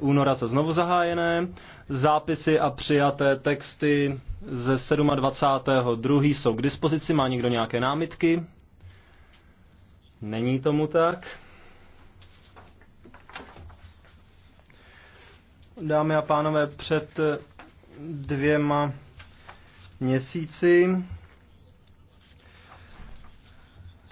února se znovu zahájené. Zápisy a přijaté texty ze 27.2. jsou k dispozici. Má někdo nějaké námitky? Není tomu tak. Dámy a pánové, před dvěma měsíci